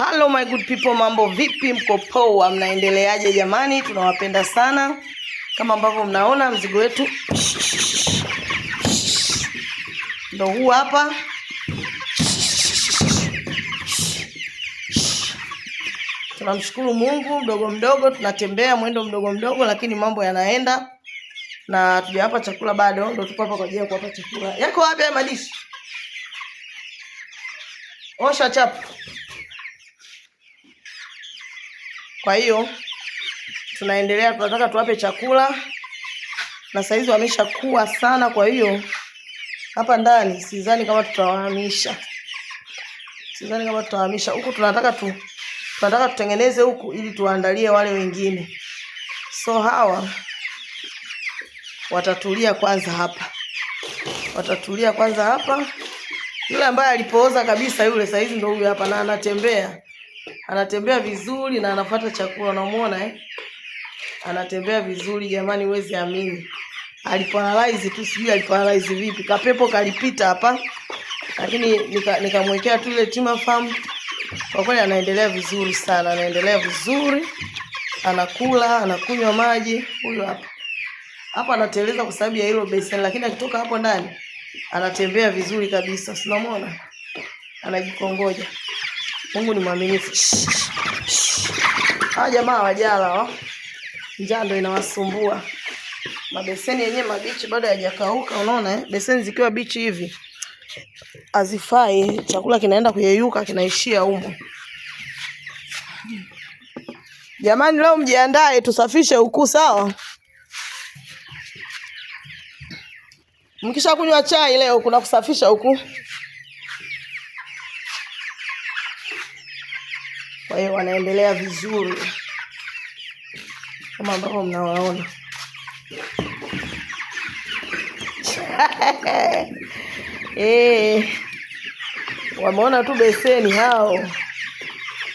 Hello my good people, mambo vipi? Mko poa? Mnaendeleaje jamani? Tunawapenda sana. Kama ambavyo mnaona mzigo wetu ndo huu hapa, tunamshukuru Mungu. Mdogo mdogo tunatembea mwendo mdogo mdogo, lakini mambo yanaenda, na tujawapa chakula bado, ndo tuko hapa kwa ajili ya kuwapa chakula. Yako wapi haya madishi? Osha chapu Kwa hiyo tunaendelea, tunataka tuwape chakula na saizi wameshakuwa sana, kwa hiyo hapa ndani sidhani kama tutawahamisha, sidhani kama tutawahamisha huku. Tunataka tu tunataka tutengeneze huku ili tuwaandalie wale wengine, so hawa watatulia kwanza hapa, watatulia kwanza hapa. Yule ambaye alipooza kabisa yule, saizi ndo huyu hapa, na anatembea anatembea vizuri na anapata chakula. Unamuona eh? Anatembea vizuri jamani, huwezi amini. Aliparalize tu, sijui aliparalize vipi. Kapepo kalipita hapa, lakini nikamwekea nika tu ile tima farm. Kwa kweli anaendelea vizuri sana, anaendelea vizuri, anakula anakunywa maji. Huyo hapa hapa anateleza kwa sababu ya hilo beseni, lakini akitoka hapo ndani anatembea vizuri kabisa. Sinamwona anajikongoja. Mungu ni mwaminifu. Hawa jamaa wajala wa oh. njaa ndio inawasumbua. Mabeseni yenyewe mabichi bado hayajakauka, unaona eh? Beseni zikiwa bichi hivi azifai chakula kinaenda kuyeyuka, kinaishia humo. Jamani, leo mjiandae, tusafishe huku, sawa? Mkisha kunywa chai leo kuna kusafisha huku. eh, wanaendelea vizuri kama ambavyo mnawaona. Eh, wameona tu beseni hao.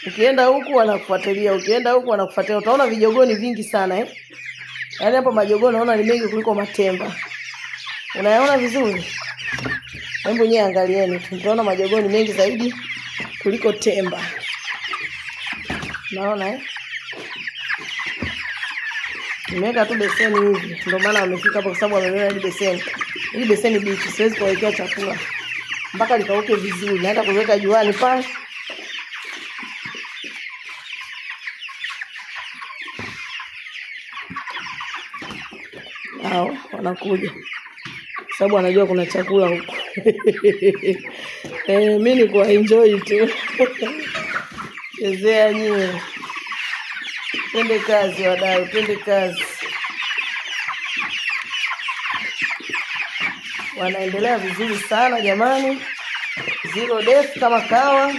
Ukienda huku wanakufuatilia, ukienda huku wanakufuatilia. Utaona vijogoni vingi sana eh. Yaani hapo majogoo naona ni mengi kuliko matemba. Unayaona vizuri? Hebu nyie angalieni, tunaona majogoo ni mengi zaidi kuliko temba. Naona eh, nimeweka tu beseni hivi, ndio maana wamefika hapo, kwa sababu wamebeba hili beseni. Hii beseni bichi, siwezi kuwekea chakula mpaka likauke vizuri. Naenda kuweka juani pale hao wanakuja sababu wanajua kuna chakula huku. Eh, mimi ni kuenjoy tu chezea nyiwe. Twende kazi wadau, twende kazi. Wanaendelea vizuri sana jamani, zero death kama kawa,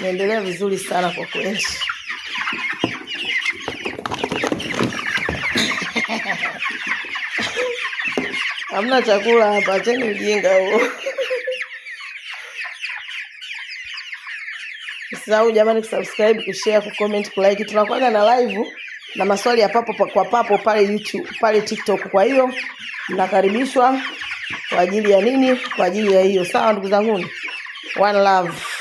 naendelea vizuri sana kwa kweli. Hamna chakula hapa, acheni ujinga huo. Msisahau jamani kusubscribe, kushare, kucomment, kulike. Tunakwenda na live na maswali ya papo kwa papo pale YouTube, pale TikTok. Kwa hiyo mnakaribishwa kwa ajili ya nini? Kwa ajili ya hiyo. Sawa ndugu zangu. One love.